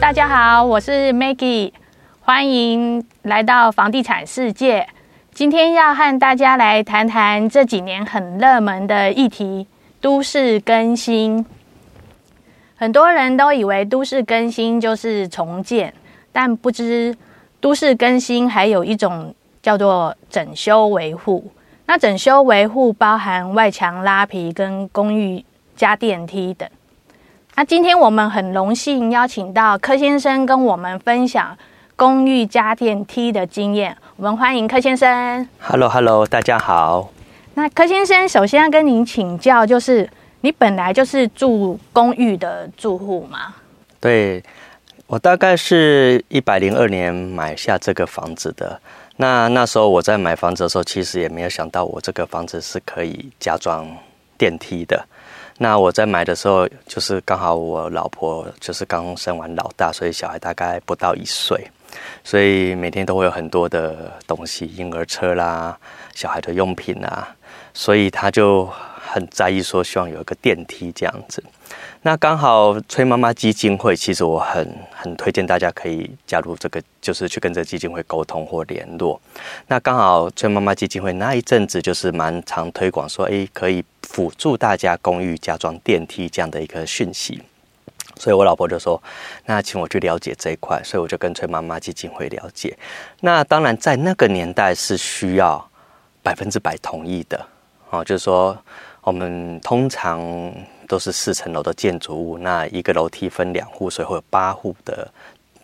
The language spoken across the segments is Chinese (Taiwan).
大家好，我是 Maggie，歡迎來到房地產世界。今天要和大家來談談這幾年很熱門的議題——都市更新。很多人都以為都市更新就是重建，但不知都市更新還有一種叫做整修維護。那整修維護包含外牆拉皮跟公寓加電梯等。那今天我們很榮幸邀請到柯先生跟我們分享公寓加電梯的經驗。我們歡迎柯先生。Hello，Hello，hello, 大家好。那柯先生，首先要跟您請教，就是你本來就是住公寓的住戶嗎？對，我大概是一百零二年買下這個房子的。那那時候我在買房子的時候，其實也沒有想到我這個房子是可以加裝電梯的。那我在買的時候，就是剛好我老婆就是剛生完老大，所以小孩大概不到一歲，所以每天都會有很多的東西，嬰兒車啦、小孩的用品啦，所以她就很在意說，希望有一個電梯這樣子。那剛好崔媽媽基金會，其實我很很推薦大家可以加入這個，就是去跟這個基金會溝通或聯絡。那剛好崔媽媽基金會那一陣子就是蠻常推廣說，哎，可以輔助大家公寓加裝電梯這樣的一個訊息。所以我老婆就說，那請我去了解這一塊，所以我就跟崔媽媽基金會了解。那當然在那個年代是需要百分之百同意的哦，就是說我們通常。都是四層樓的建築物，那一個樓梯分兩戶，所以會有八戶的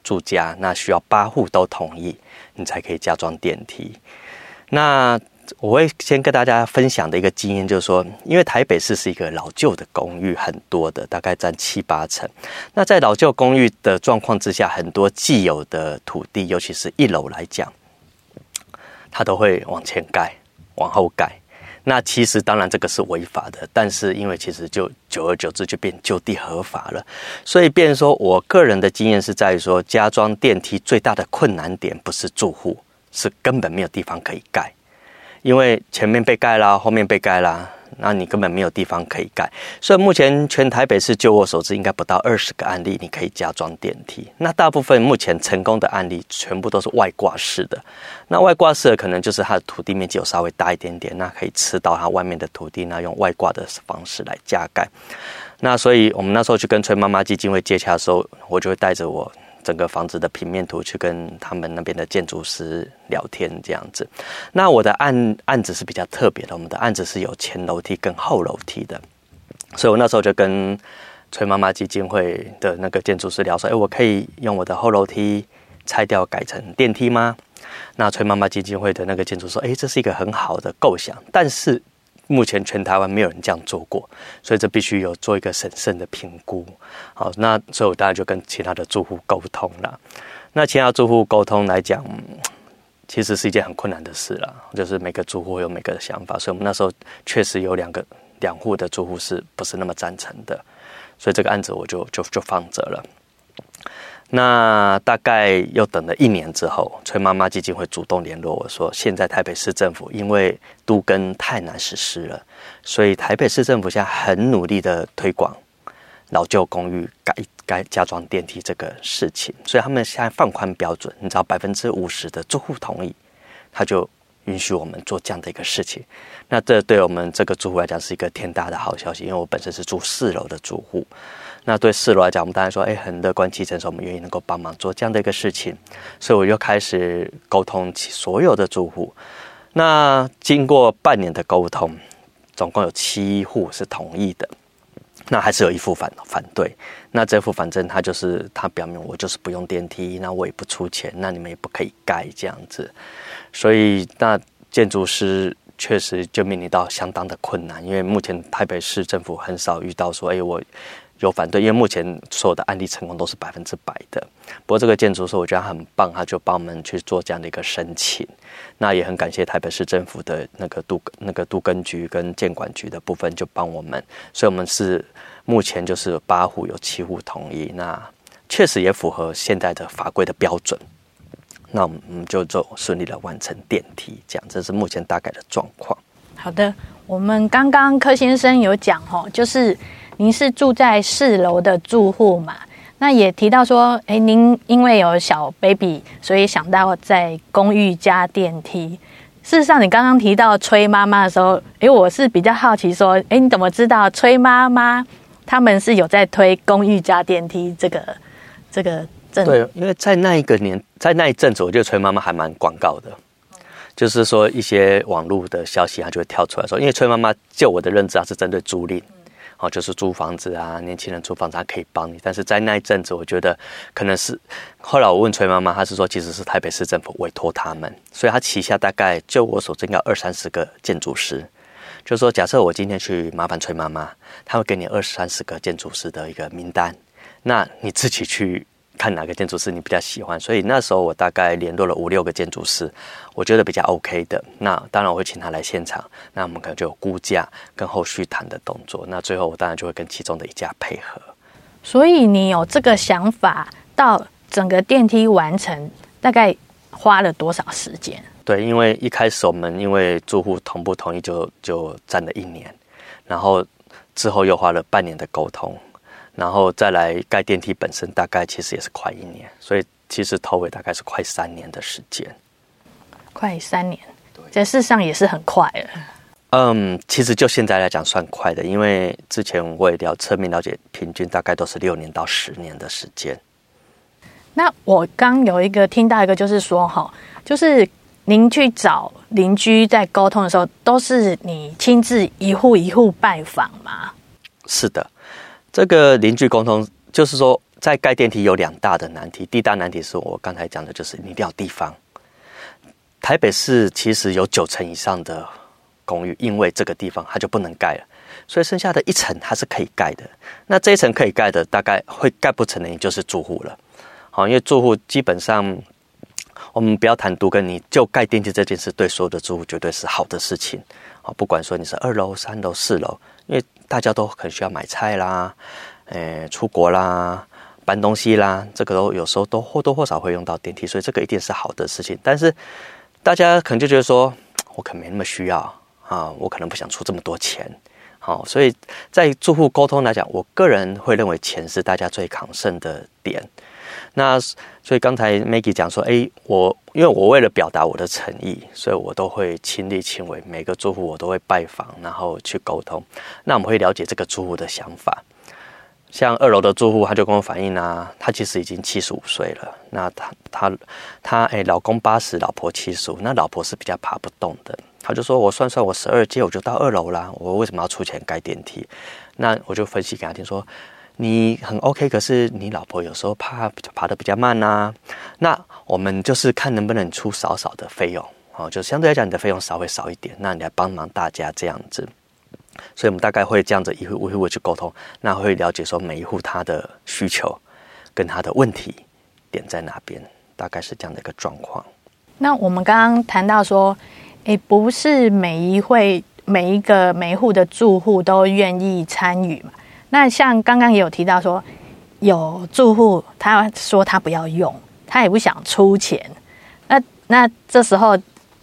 住家，那需要八戶都同意，你才可以加裝電梯。那我會先跟大家分享的一個經驗，就是說，因為台北市是一個老舊的公寓，很多的大概占七八成。那在老舊公寓的狀況之下，很多既有的土地，尤其是一樓來講，它都會往前蓋、往後蓋。那其實當然這個是違法的，但是因為其實就久而久之就變就地合法了，所以變成說，我個人的經驗是在於說，加裝電梯最大的困難點不是住戶，是根本沒有地方可以蓋，因為前面被蓋啦，後面被蓋啦。那你根本沒有地方可以蓋，所以目前全台北市，就我所知，應該不到二十個案例，你可以加裝電梯。那大部分目前成功的案例，全部都是外掛式的。那外掛式的可能就是它的土地面積有稍微大一點點，那可以吃到它外面的土地，那用外掛的方式來加蓋。那所以我們那時候去跟崔媽媽基金會接洽的時候，我就會帶着我整個房子的平面圖去跟他們那邊的建築師聊天，這樣子。那我的案案子是比較特別的，我們的案子是有前樓梯跟後樓梯的，所以我那時候就跟崔媽媽基金會的那個建築師聊說：“誒，我可以用我的後樓梯拆掉改成電梯嗎？”那崔媽媽基金會的那個建築師說：“誒，這是一個很好的構想，但是。”目前全台灣沒有人這樣做過，所以這必須有做一個審慎的評估。好，那所以我當然就跟其他的住戶溝通了。那其他住戶溝通來講、嗯，其實是一件很困難的事了，就是每個住戶有每個想法，所以我們那時候確實有兩個兩戶的住戶是不是那麼贊成的，所以這個案子我就就就放着了。那大概又等了一年之後，崔媽媽基金會主動聯絡我說，現在台北市政府因為都更太難實施了，所以台北市政府現在很努力的推廣老舊公寓改改加裝電梯這個事情，所以他們現在放寬標準，你知道百分之五十的住戶同意，他就允許我們做這樣的一個事情。那這對我們這個住戶來講是一個天大的好消息，因為我本身是住四樓的住戶。那對四樓來講，我們當然說，哎，很樂觀其成，是說我們願意能夠幫忙做這樣的一個事情，所以我就開始溝通起所有的住戶。那經過半年的溝通，總共有七戶是同意的，那還是有一戶反反對。那這戶反正他就是他表明我就是不用電梯，那我也不出錢，那你們也不可以蓋這樣子。所以那建築師確實就面臨到相當的困難，因為目前台北市政府很少遇到說，哎，我。有反對，因為目前所有的案例成功都是百分之百的。不過這個建築師我覺得很棒，他就幫我們去做這樣的一個申請。那也很感謝台北市政府的那個都，那個都更局跟建管局的部分，就幫我們。所以，我們是目前就是八戶有七戶同意，那確實也符合現在的法規的標準。那我們就就順利的完成電梯，這樣，這是目前大概的狀況。好的，我們剛剛柯先生有講哦，就是。您是住在四樓的住戶嘛？那也提到說，哎、欸，您因為有小 baby，所以想到在公寓加電梯。事實上，你剛剛提到崔媽媽的時候，哎、欸，我是比較好奇說，哎、欸，你怎麼知道崔媽媽他們是有在推公寓加電梯這個這個陣？對，因為在那一個年，在那一陣子，我覺得崔媽媽還蠻廣告的，嗯、就是說一些網絡的消息啊，就會跳出來說，因為崔媽媽，就我的認知啊，是針對租賃。嗯哦，就是租房子啊，年輕人租房子，他可以幫你。但是在那一陣子，我覺得可能是後來我問崔媽媽，她是說其實是台北市政府委託他們，所以她旗下大概就我所知有二三十個建築師。就是說假設我今天去麻煩崔媽媽，她會給你二三十個建築師的一個名單，那你自己去。看哪個建築師你比較喜歡，所以那時候我大概聯絡了五六個建築師，我覺得比較 OK 的。那當然我會請他來現場，那我們可能就有估價跟後續談的動作。那最後我當然就會跟其中的一家配合。所以你有這個想法，到整個電梯完成大概花了多少時間？對，因為一開始我們因為住戶同不同意就，就就佔了一年，然後之後又花了半年的溝通。然後再來蓋電梯本身，大概其實也是快一年，所以其實頭尾大概是快三年的時間，快三年，在這事實上也是很快。嗯，其實就現在來講算快的，因為之前我也要側面了解，平均大概都是六年到十年的時間。那我剛有一個聽到一個，就是說哈、哦，就是您去找鄰居在溝通的時候，都是你親自一戶一戶拜訪嗎？是的。這個鄰居溝通，就是說，在蓋電梯有兩大的難題。第一大難題是我剛才講的，就是你一定要地方。台北市其實有九層以上的公寓，因為這個地方它就不能蓋了，所以剩下的一層它是可以蓋的。那這一層可以蓋的，大概會蓋不成的，你就是住戶了。好，因為住戶基本上，我們不要談獨棟跟你就蓋電梯這件事，對所有的住戶絕對是好的事情啊。不管說你是二樓、三樓、四樓。大家都可能需要買菜啦，誒、呃，出國啦，搬東西啦，這個都有時候都或多或少會用到電梯，所以這個一定是好的事情。但是大家可能就覺得說，我可沒那麼需要啊，我可能不想出這麼多錢，好、啊，所以在住戶溝通來講，我個人會認為錢是大家最抗剩的點。那所以剛才 Maggie 講說，哎、欸，我因為我為了表達我的誠意，所以我都會親力親為，每個住戶我都會拜訪，然後去溝通。那我們會了解這個住戶的想法。像二樓的住戶，他就跟我反映啊，他其實已經七十五歲了。那他他他哎、欸，老公八十，老婆七十五，那老婆是比較爬不動的。他就說，我算算我，我十二階我就到二樓啦，我為什麼要出錢蓋電梯？那我就分析給他聽說。你很 OK，可是你老婆有時候怕，爬的比較慢吶、啊。那我們就是看能不能出少少的費用，哦，就相對來講你的費用稍微少一點。那你來幫忙大家這樣子，所以我們大概會這樣子一戶一戶的去溝通，那會了解說每一戶他的需求跟他的問題點在哪邊，大概是這樣的一個狀況。那我們剛剛談到說，誒，不是每一戶每一個每一戶的住戶都願意參與嘛？那像剛剛也有提到說，有住戶他說他不要用，他也不想出錢，那那這時候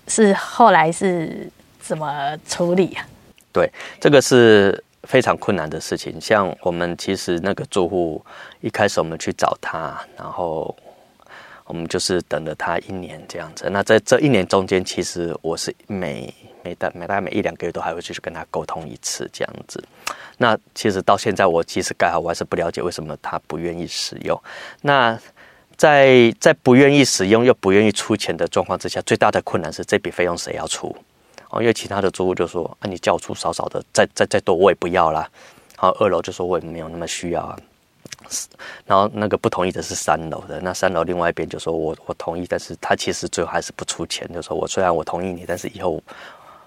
是後來是怎麼處理啊？對，這個是非常困難的事情。像我們其實那個住戶一開始我們去找他，然後我們就是等了他一年這樣子。那在這一年中間，其實我是沒。每大每大概，每一兩個月都還會繼續跟他溝通一次這樣子，那其實到現在我其實剛好我還是不了解為什麼他不願意使用。那在在不願意使用又不願意出錢的狀況之下，最大的困難是這筆費用誰要出？哦，因為其他的租戶就說：“啊，你叫出少少的，再再再多我也不要啦。”然後二樓就說：“我也沒有那麼需要啊。”然後那個不同意的是三樓的，那三樓另外一邊就說我我同意，但是他其實最後還是不出錢，就說：“我雖然我同意你，但是以後。”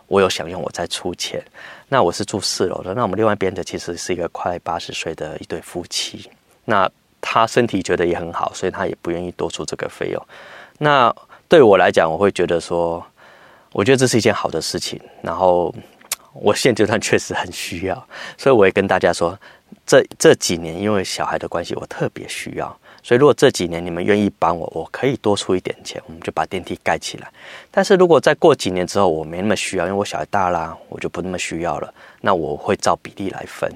我有享用，我再出錢。那我是住四樓的。那我們另外一邊的其實是一個快八十歲的一對夫妻。那他身體覺得也很好，所以他也不願意多出這個費用。那對我來講，我會覺得說，我覺得這是一件好的事情。然後我現階段確實很需要，所以我也跟大家說，這這幾年因為小孩的關係，我特別需要。所以，如果這幾年你們願意幫我，我可以多出一點錢，我們就把電梯蓋起來。但是如果再過幾年之後，我沒那麼需要，因為我小孩大了，我就不那麼需要了。那我會照比例來分。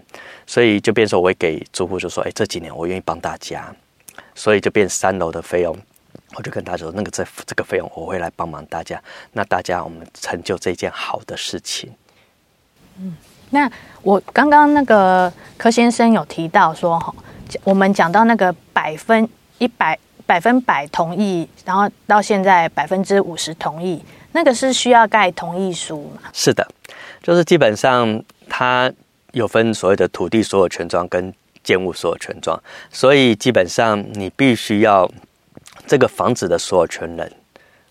所以就變說，我會給租戶就說：“哎，這幾年我願意幫大家。”所以就變三樓的費用，我就跟他說：“那個這這個費用，我會來幫忙大家。”那大家我們成就這件好的事情。嗯，那我剛剛那個柯先生有提到說哈。我們講到那個百分一百百分百同意，然後到現在百分之五十同意，那個是需要蓋同意書嗎？是的，就是基本上它有分所謂的土地所有權狀跟建物所有權狀，所以基本上你必須要這個房子的所有權人，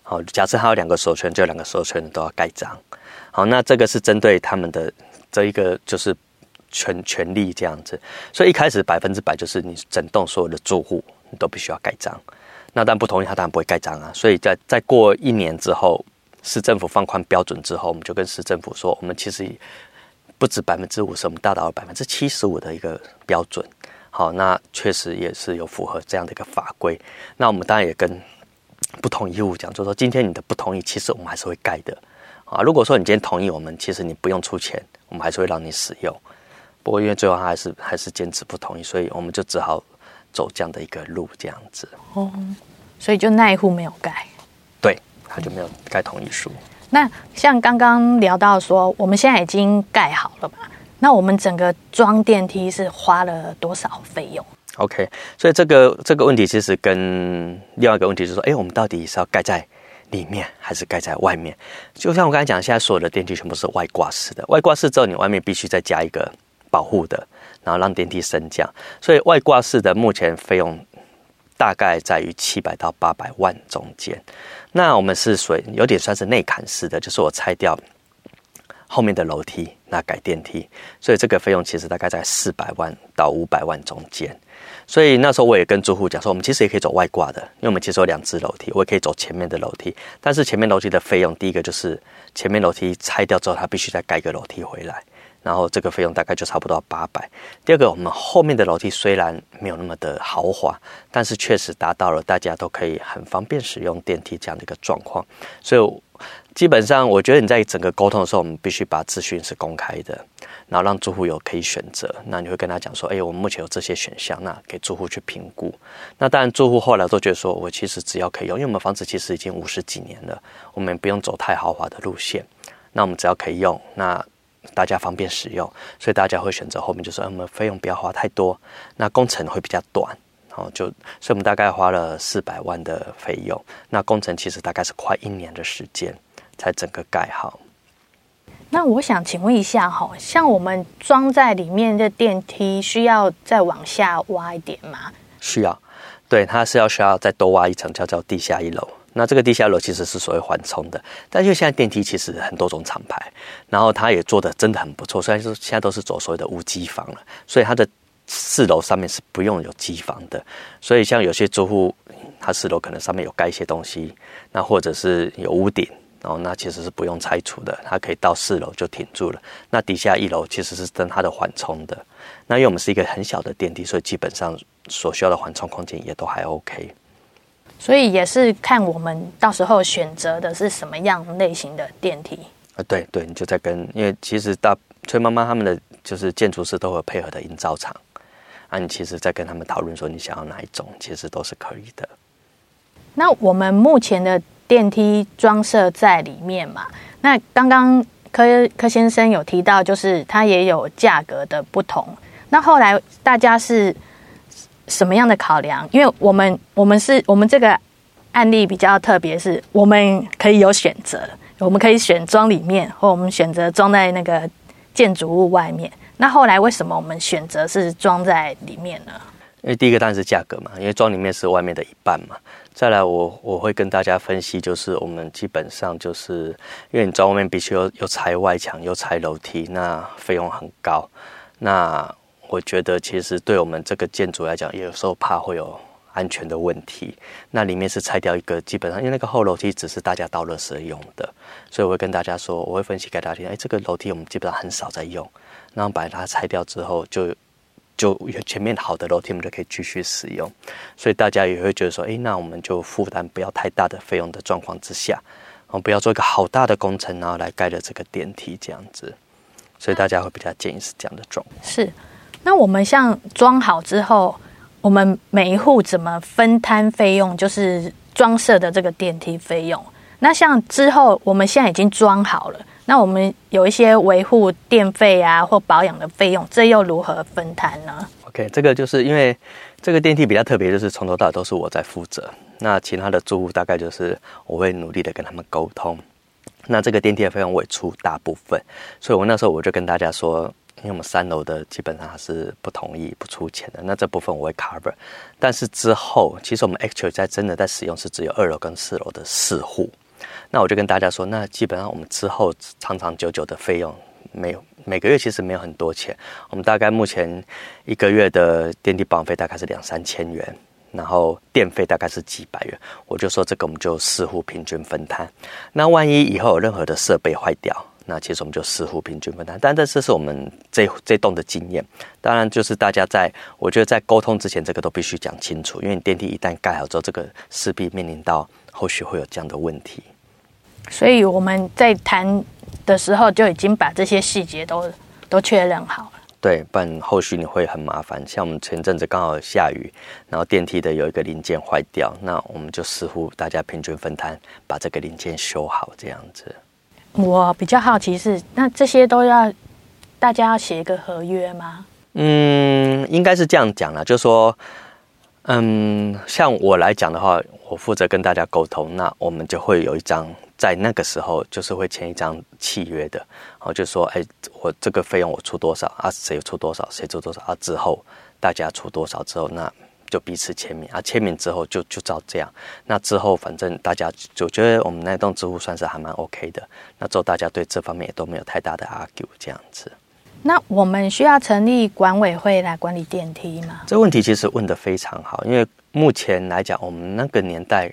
好、哦，假設還有兩個所有權，就兩個所有權人都要蓋章。好，那這個是針對他們的這一個就是。權權利這樣子，所以一開始百分之百就是你整棟所有的住戶，你都必須要蓋章。那但不同意，他當然不會蓋章啊。所以在再過一年之後，市政府放寬標準之後，我們就跟市政府說，我們其實不止百分之五十，我們達到了百分之七十五的一個標準。好，那確實也是有符合這樣的一個法規。那我們當然也跟不同意戶講，就說今天你的不同意，其實我們還是會蓋的啊。如果說你今天同意我們，其實你不用出錢，我們還是會讓你使用。我因為最後還是還是堅持不同意，所以我們就只好走這樣的一個路，這樣子。哦，所以就那一戶沒有蓋。對，他就沒有蓋同意書。嗯、那像剛剛聊到說，我們現在已經蓋好了吧？那我們整個裝電梯是花了多少費用？OK，所以這個這個問題其實跟另外一個問題就是說，哎、欸，我們到底是要蓋在裡面還是蓋在外面？就像我剛才講，現在所有的電梯全部是外掛式的，外掛式之後你外面必須再加一個。保護的，然後讓電梯升降，所以外掛式的目前費用大概在於七百到八百萬中間。那我們是屬於有點算是內嵌式的，就是我拆掉後面的樓梯，那改電梯，所以這個費用其實大概在四百萬到五百萬中間。所以那時候我也跟住戶講說，我們其實也可以走外掛的，因為我們其實有兩隻樓梯，我也可以走前面的樓梯。但是前面樓梯的費用，第一個就是前面樓梯拆掉之後，它必須再蓋一個樓梯回來。然後這個費用大概就差不多八百。第二個，我們後面的樓梯雖然沒有那麼的豪華，但是確實達到了大家都可以很方便使用電梯這樣的一個狀況。所以基本上，我覺得你在整個溝通的時候，我們必須把資訊是公開的，然後讓住戶有可以選擇。那你會跟他講說：“哎，我們目前有這些選項，那給住戶去評估。”那當然，住戶後來都覺得說：“我其實只要可以用，因為我們房子其實已經五十幾年了，我們也不用走太豪華的路線。那我們只要可以用，那。”大家方便使用，所以大家會選擇後面就說，嗯、我們費用不要花太多，那工程會比較短，然後、哦、就，所以我們大概花了四百萬的費用，那工程其實大概是快一年的時間才整個蓋好。那我想請問一下，哈，像我們裝在裡面的電梯，需要再往下挖一點嗎？需要，對，它是要需要再多挖一層，叫做地下一樓。那這個地下樓其實是所謂緩衝的，但就現在電梯其實很多種廠牌，然後它也做得真的很不錯。雖然說現在都是走所謂的無機房了，所以它的四樓上面是不用有機房的。所以像有些租戶，它四樓可能上面有蓋一些東西，那或者是有屋頂，然後、哦、那其實是不用拆除的，它可以到四樓就停住了。那底下一樓其實是等它的緩衝的。那因為我們是一個很小的電梯，所以基本上所需要的緩衝空間也都還 OK。所以也是看我們到時候選擇的是什麼樣類型的電梯啊？對對，你就在跟，因為其實大崔媽媽他們的就是建築師都會有配合的營造廠，那、啊、你其實，在跟他們討論說你想要哪一種，其實都是可以的。那我們目前的電梯裝設在裡面嘛？那剛剛柯柯先生有提到，就是它也有價格的不同。那後來大家是什麼樣的考量？因為我們我們是我們這個案例比較特別，是我們可以有選擇，我們可以選裝裡面，或我們選擇裝在那個建築物外面。那後來為什麼我們選擇是裝在裡面呢？因為第一個當然是價格嘛，因為裝裡面是外面的一半嘛。再來我，我我會跟大家分析，就是我們基本上就是因為你裝外面必須有有拆外牆，有拆樓梯，那費用很高。那我覺得其實對我們這個建築來講，有時候怕會有安全的問題。那裡面是拆掉一個，基本上因為那個後樓梯只是大家倒垃圾時用的，所以我會跟大家說，我會分析給大家聽。哎、欸，這個樓梯我們基本上很少在用，然後把它拆掉之後就，就就有前面好的樓梯我們就可以繼續使用。所以大家也會覺得說，哎、欸，那我們就負擔不要太大的費用的狀況之下，我們不要做一個好大的工程，然後來蓋了這個電梯這樣子。所以大家會比較建議是這樣的狀況。是。那我們像裝好之後，我們每一戶怎麼分攤費用？就是裝設的這個電梯費用。那像之後，我們現在已經裝好了，那我們有一些維護電費啊或保養的費用，這又如何分攤呢？OK，這個就是因為這個電梯比較特別，就是從頭到尾都是我在負責。那其他的住戶大概就是我會努力的跟他們溝通。那這個電梯的費用我也出大部分，所以我那時候我就跟大家說。因為我們三樓的基本上是不同意不出錢的，那這部分我會 cover，但是之後其實我們 actually 在真的在使用是只有二樓跟四樓的四戶，那我就跟大家說，那基本上我們之後長長久久的費用，沒有，每每個月其實沒有很多錢，我們大概目前一個月的電梯保養費大概是兩三千元，然後電費大概是幾百元，我就說這個我們就四戶平均分攤，那萬一以後有任何的設備壞掉。那其實我們就似乎平均分攤，但這這是我們這這棟的經驗。當然，就是大家在我覺得在溝通之前，這個都必須講清楚，因為電梯一旦蓋好之後，這個勢必面臨到後續會有這樣的問題。所以我們在談的時候就已經把這些細節都都確認好了。對，不然後續你會很麻煩。像我們前陣子剛好下雨，然後電梯的有一個零件壞掉，那我們就似乎大家平均分攤，把這個零件修好這樣子。我比較好奇是，那這些都要大家要寫一個合約嗎？嗯，應該是這樣講啦，就是說，嗯，像我來講的話，我負責跟大家溝通，那我們就會有一張在那個時候就是會簽一張契約的，然後就說，哎、欸，我這個費用我出多少啊？誰出多少？誰出多少啊？之後大家出多少之後那。就彼此簽名啊，簽名之後就就照這樣。那之後反正大家就覺得我們那棟住戶算是還蠻 OK 的。那之後大家對這方面也都沒有太大的 argue 這樣子。那我們需要成立管委會來管理電梯嗎？這問題其實問得非常好，因為目前來講，我們那個年代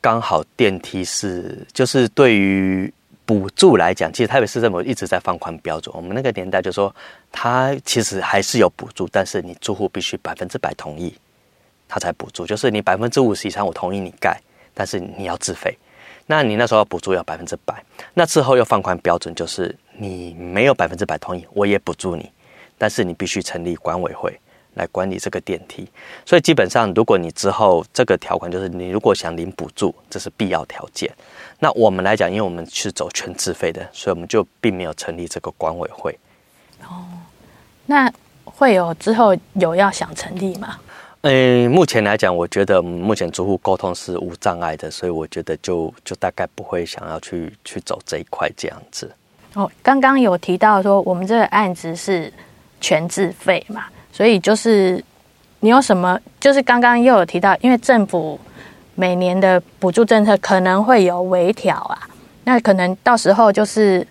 剛好電梯是就是對於。補助來講，其實台北市政府一直在放寬標準。我們那個年代就是說，他其實還是有補助，但是你住戶必須百分之百同意，他才補助。就是你百分之五十以上我同意你蓋，但是你要自費。那你那時候要補助要百分之百，那之後又放寬標準，就是你沒有百分之百同意我也補助你，但是你必須成立管委會。來管理這個電梯，所以基本上，如果你之後這個條款，就是你如果想領補助，這是必要條件。那我們來講，因為我們是走全自費的，所以我們就並沒有成立這個管委會。哦，那會有之後有要想成立嗎？嗯、呃，目前來講，我覺得目前租戶溝通是無障礙的，所以我覺得就就大概不會想要去去走這一塊這樣子。哦，剛剛有提到說我們這個案子是全自費嘛。所以就是，你有什麼？就是剛剛又有提到，因為政府每年的補助政策可能會有微調啊。那可能到時候就是，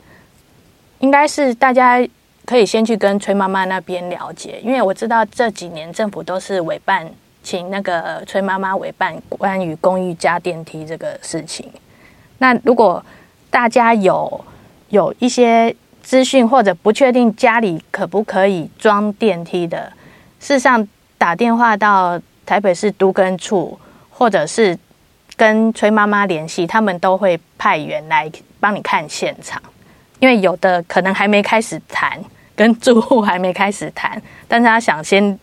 應該是大家可以先去跟崔媽媽那邊了解，因為我知道這幾年政府都是委辦，請那個崔媽媽委辦關於公寓加電梯這個事情。那如果大家有有一些。資訊或者不確定家裡可不可以裝電梯的，事實上打電話到台北市都更處，或者是跟崔媽媽聯繫，他們都會派員來幫你看現場。因為有的可能還沒開始談，跟住戶還沒開始談，但是他想先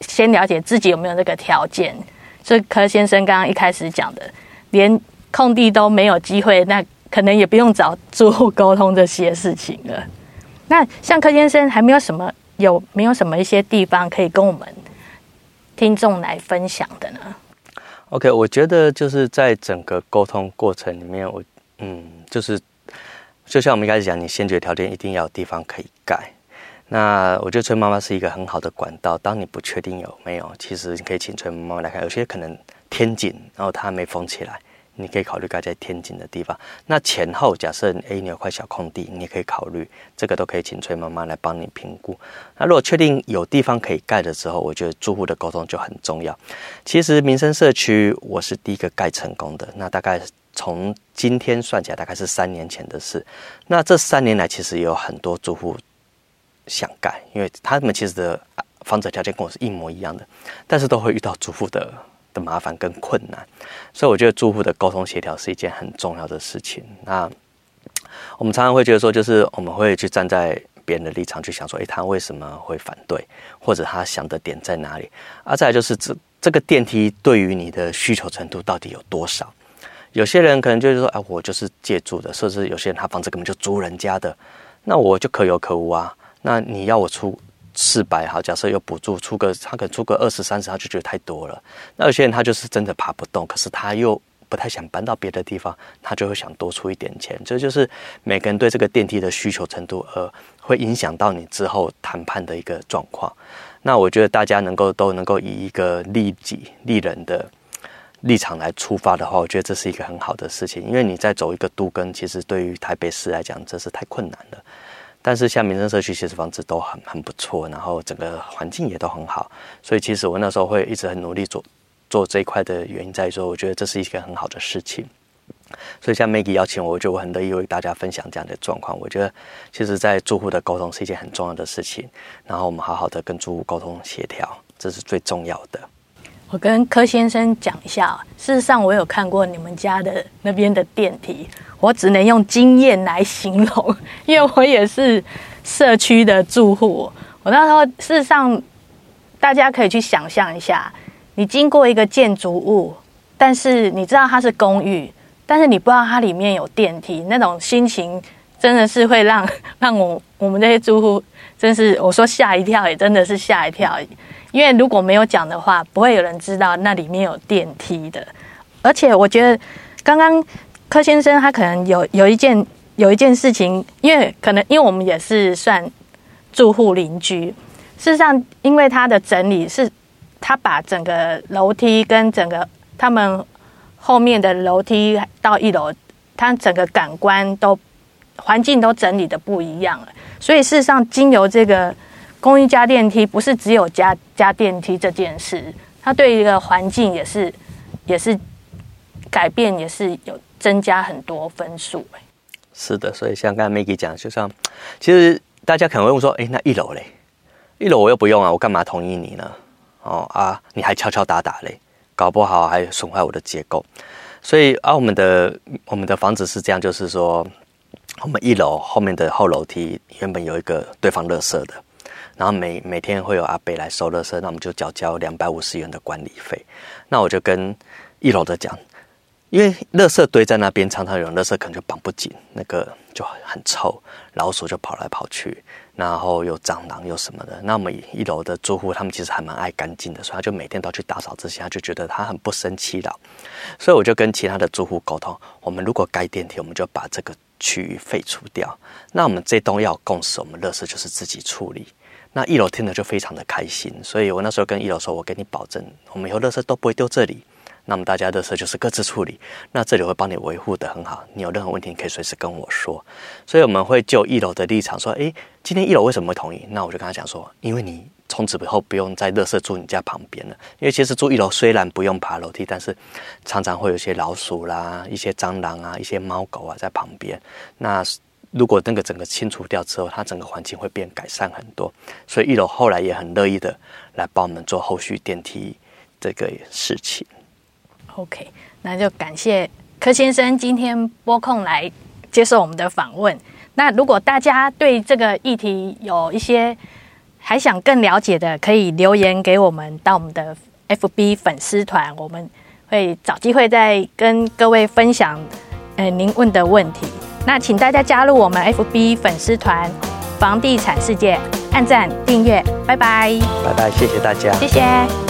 先了解自己有沒有這個條件。所以柯先生剛剛一開始講的，連空地都沒有機會，那。可能也不用找住戶溝通這些事情了。那像柯先生還沒有什麼，有沒有什麼一些地方可以跟我們聽眾來分享的呢？OK，我覺得就是在整個溝通過程裡面，我嗯，就是就像我們一開始講，你先決條件一定要有地方可以蓋。那我覺得崔媽媽是一個很好的管道。當你不確定有沒有，其實你可以請崔媽媽來看。有些可能天井，然後它還沒封起來。你可以考慮蓋在天井的地方。那前後假，假設誒你有塊小空地，你也可以考慮，這個都可以請崔媽媽來幫你評估。那如果確定有地方可以蓋的時候，我覺得住戶的溝通就很重要。其實民生社區我是第一個蓋成功的，那大概從今天算起來，大概是三年前的事。那這三年來，其實也有很多住戶想蓋，因為他們其實的房子條件跟我是一模一樣的，但是都會遇到住戶的。的麻煩跟困難，所以我覺得住戶的溝通協調是一件很重要的事情。那我們常常會覺得說，就是我們會去站在別人的立場去想說，誒，他為什麼會反對，或者他想的點在哪裡？啊，再來就是這這個電梯對於你的需求程度到底有多少？有些人可能就是說，哎，我就是借住的，甚至有些人他房子根本就租人家的，那我就可有可無啊。那你要我出？四百好，假設有補助，出個他可能出個二十三十，他就覺得太多了。那有些人他就是真的爬不動，可是他又不太想搬到別的地方，他就會想多出一點錢。這就是每個人對這個電梯的需求程度，而會影響到你之後談判的一個狀況。那我覺得大家能夠都能夠以一個利己利人的立場來出發的話，我覺得這是一個很好的事情。因為你在走一個都更，其實對於台北市來講，這是太困難了。但是像民生社區，其實房子都很很不錯，然後整個環境也都很好，所以其實我那時候會一直很努力做做這一塊的原因在於說，我覺得這是一個很好的事情。所以像 Maggie 邀請我，我覺得我很樂意為大家分享這樣的狀況。我覺得其實，在住戶的溝通是一件很重要的事情，然後我們好好的跟住戶溝通協調，這是最重要的。我跟柯先生講一下，事實上我有看過你們家的那邊的電梯，我只能用驚豔來形容，因為我也是社區的住戶。我那時候事實上，大家可以去想象一下，你經過一個建築物，但是你知道它是公寓，但是你不知道它裡面有電梯，那種心情真的是會讓讓我我們那些住戶，真是我說嚇一跳，也真的是嚇一跳。因為如果沒有講的話，不會有人知道那裡面有電梯的。而且我覺得，剛剛柯先生他可能有有一件有一件事情，因為可能因為我們也是算住戶鄰居，事實上，因為他的整理是，他把整個樓梯跟整個他們後面的樓梯到一樓，他整個感官都環境都整理得不一樣了。所以事實上，經由這個。公寓加電梯不是只有加加電梯這件事，它對一個環境也是，也是改變，也是有增加很多分數哎。是的，所以像剛才 Maggie 講，就像其實大家可能會問說：“哎、欸，那一樓嘞？一樓我又不用啊，我干嘛同意你呢？哦啊，你還敲敲打打嘞，搞不好還損壞我的結構。”所以啊，我們的我們的房子是這樣，就是說我們一樓後面的後樓梯原本有一個堆放垃圾的。然後每每天會有阿伯來收垃圾，那我們就繳交兩百五十元的管理費。那我就跟一樓的講，因為垃圾堆在那邊，常常有人垃圾可能就綁不緊，那個就很臭，老鼠就跑來跑去，然後有蟑螂又什麼的。那我們一樓的住戶他們其實還蠻愛乾淨的，所以他就每天都去打掃這些，他就覺得他很不生氣了。所以我就跟其他的住戶溝通，我們如果蓋電梯，我們就把這個區域廢除掉。那我們這棟要共守，我們垃圾就是自己處理。那一樓聽了就非常的開心，所以我那時候跟一樓說，我給你保證，我們以後垃圾都不會丟這裡。那麼大家垃圾就是各自處理，那這裡會幫你維護得很好。你有任何問題，你可以隨時跟我說。所以我們會就一樓的立場說，哎，今天一樓為什麼會同意？那我就跟他講說，因為你從此以後不用在垃圾住你家旁邊了，因為其實住一樓雖然不用爬樓梯，但是常常會有一些老鼠啦、一些蟑螂啊、一些貓狗啊在旁邊。那如果那個整個清除掉之後，它整個環境會變改善很多，所以一樓後來也很樂意的來幫我們做後續電梯這個事情。OK，那就感謝柯先生今天撥空來接受我們的訪問。那如果大家對這個議題有一些還想更了解的，可以留言給我們到我們的 FB 粉絲團，我們會找機會再跟各位分享。呃，您問的問題。那請大家加入我們 FB 粉絲團，房地產世界，按贊訂閱，拜拜，拜拜，謝謝大家，謝謝。